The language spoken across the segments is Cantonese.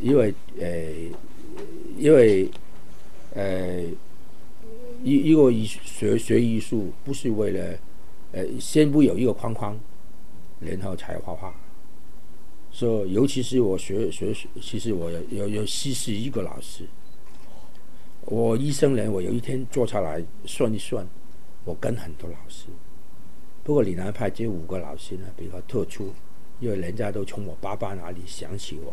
因為，呃，因為，呃，一一個學學藝術不是為了呃，先不有一個框框，然後才畫畫。所以，尤其是我學學，其實我有有有四十一個老師。我一生人，我有一天坐下來算一算，我跟很多老師。不過嶺南派這五個老師呢，比較特殊，因為人家都從我爸爸那裏想起我。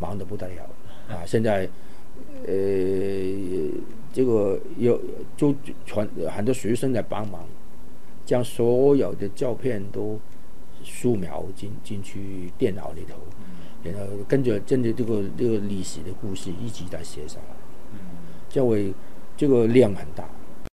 忙得不得了，啊，現在呃，這個有，就傳，很多學生在幫忙，將所有的照片都素描進進去電腦裏頭，然後跟着，跟着這個這個歷史的故事一直在寫下來，嗯，因為這個量很大。